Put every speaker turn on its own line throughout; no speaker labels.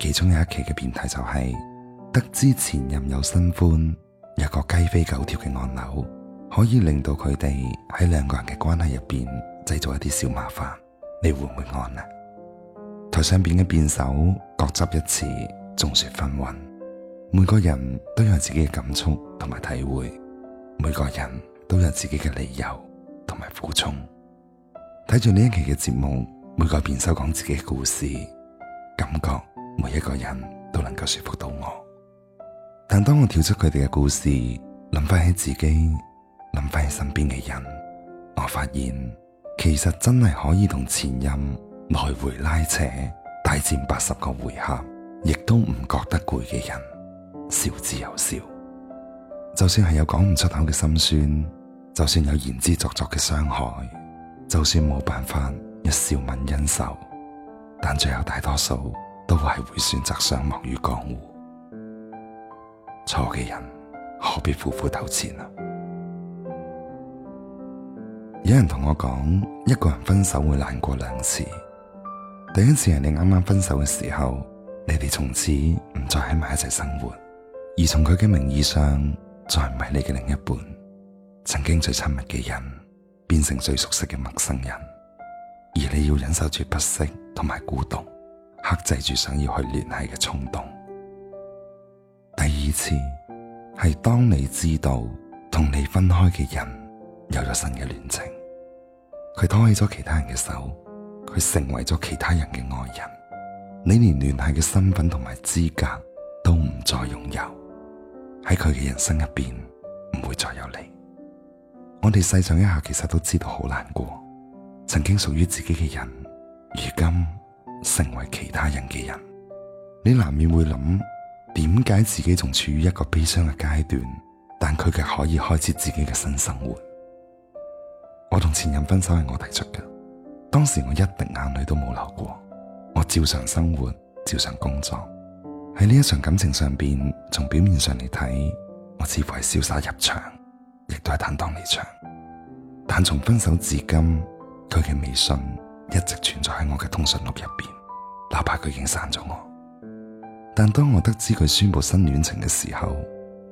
其中有一期嘅辯題就係得知前任有新歡，有一個雞飛狗跳嘅按鈕，可以令到佢哋喺兩個人嘅關係入邊製造一啲小麻煩，你會唔會按啊？台上邊嘅辯手各執一詞，眾說紛紜。每個人都有自己嘅感觸同埋體會，每個人都有自己嘅理由同埋苦衷。睇住呢一期嘅節目，每個辯手講自己嘅故事，感覺。每一個人都能夠說服到我，但當我跳出佢哋嘅故事，諗翻起自己，諗翻起身邊嘅人，我發現其實真係可以同前任來回拉扯，大戰八十個回合，亦都唔覺得攰嘅人，少之又少。就算係有講唔出口嘅心酸，就算有言之鑿鑿嘅傷害，就算冇辦法一笑泯恩仇，但最後大多數。都係會選擇相忘於江湖，錯嘅人何必苦苦糾纏啊？有人同我講，一個人分手會難過兩次，第一次係你啱啱分手嘅時候，你哋從此唔再喺埋一齊生活，而從佢嘅名義上再唔係你嘅另一半，曾經最親密嘅人變成最熟悉嘅陌生人，而你要忍受住不適同埋孤獨。克制住想要去聯繫嘅衝動。第二次，係當你知道同你分開嘅人有咗新嘅戀情，佢拖起咗其他人嘅手，佢成為咗其他人嘅愛人，你連聯繫嘅身份同埋資格都唔再擁有。喺佢嘅人生入邊，唔會再有你。我哋細想一下，其實都知道好難過。曾經屬於自己嘅人，如今。成為其他人嘅人，你難免會諗，點解自己仲處於一個悲傷嘅階段，但佢卻可以開始自己嘅新生活。我同前任分手係我提出嘅，當時我一滴眼淚都冇流過，我照常生活，照常工作。喺呢一場感情上面，從表面上嚟睇，我似乎係瀟灑入場，亦都係坦蕩離場。但從分手至今，佢嘅微信，一直存在喺我嘅通訊錄入邊，哪怕佢已經刪咗我。但當我得知佢宣布新戀情嘅時候，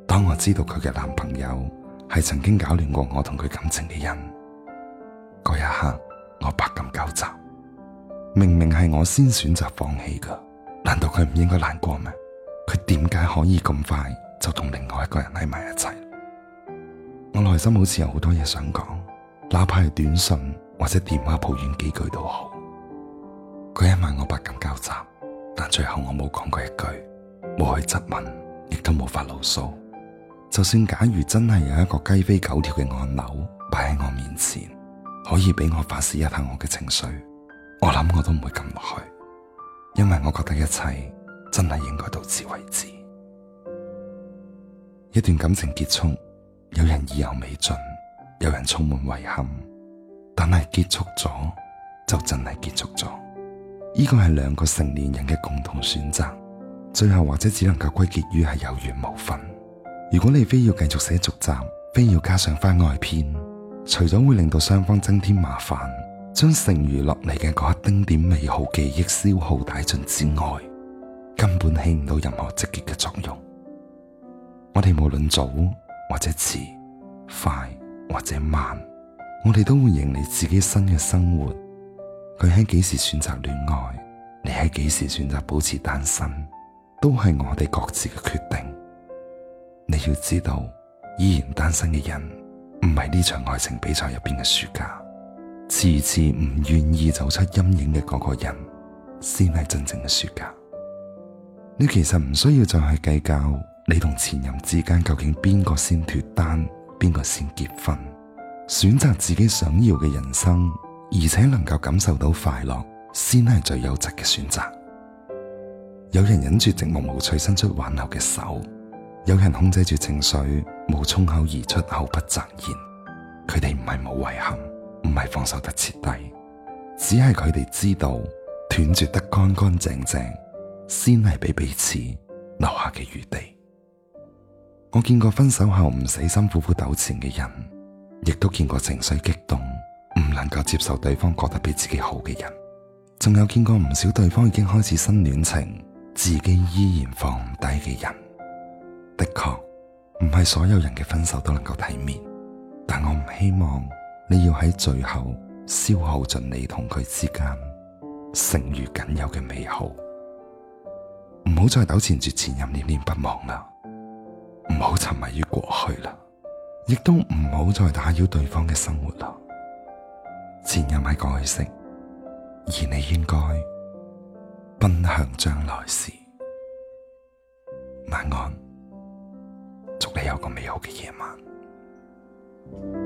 當我知道佢嘅男朋友係曾經搞亂過我同佢感情嘅人，嗰一刻我百感交集。明明係我先選擇放棄噶，難道佢唔應該難過咩？佢點解可以咁快就同另外一個人喺埋一齊？我內心好似有好多嘢想講，哪怕係短信。或者電話抱怨幾句都好，佢一晚我百感交集，但最後我冇講過一句，冇去質問，亦都冇發牢騷。就算假如真係有一個雞飛狗跳嘅按鈕擺喺我面前，可以俾我發洩一下我嘅情緒，我諗我都唔會撳落去，因為我覺得一切真係應該到此為止。一段感情結束，有人意猶未盡，有人充滿遺憾。但係結束咗就真係結束咗，呢個係兩個成年人嘅共同選擇。最後或者只能夠歸結於係有緣無份。如果你非要繼續寫續集，非要加上番外篇，除咗會令到雙方增添麻煩，將剩餘落嚟嘅嗰一丁點美好記憶消耗殆盡之外，根本起唔到任何積極嘅作用。我哋無論早或者遲，快或者慢。我哋都會迎嚟自己新嘅生活。佢喺幾時選擇戀愛，你喺幾時選擇保持單身，都係我哋各自嘅決定。你要知道，依然單身嘅人唔係呢場愛情比賽入邊嘅輸家，次次唔願意走出陰影嘅嗰個人先係真正嘅輸家。你其實唔需要再去計較你同前任之間究竟邊個先脱單，邊個先結婚。選擇自己想要嘅人生，而且能夠感受到快樂，先係最優質嘅選擇。有人忍住寂寞無趣，伸出挽留嘅手；有人控制住情緒，冇衝口而出，口不擇言。佢哋唔係冇遺憾，唔係放手得徹底，只係佢哋知道斷絕得乾乾淨淨，先係俾彼此留下嘅餘地。我見過分手後唔死心苦苦糾纏嘅人。亦都見過情緒激動、唔能夠接受對方過得比自己好嘅人，仲有見過唔少對方已經開始新戀情，自己依然放唔低嘅人。的確，唔係所有人嘅分手都能夠體面，但我唔希望你要喺最後消耗盡你同佢之間剩餘僅有嘅美好。唔好再糾纏住前任，念念不忘啦，唔好沉迷於過去啦。亦都唔好再打擾對方嘅生活啦。前任係過去式，而你應該奔向將
來時。晚安，祝你有個美好嘅夜晚。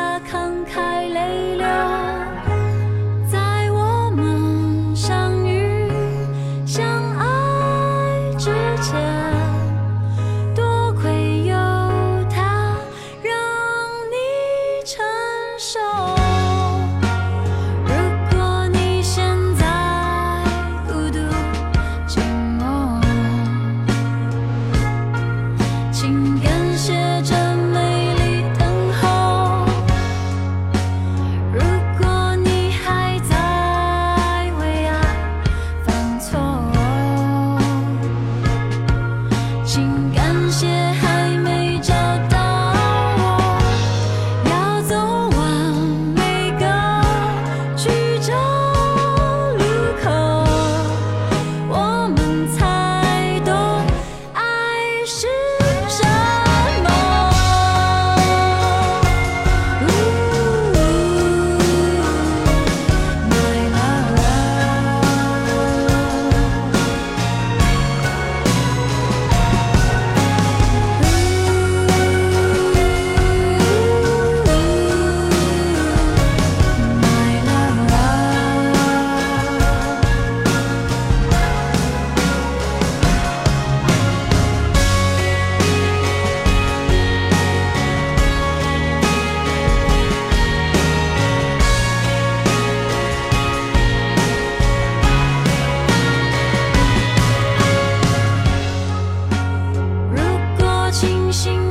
星星。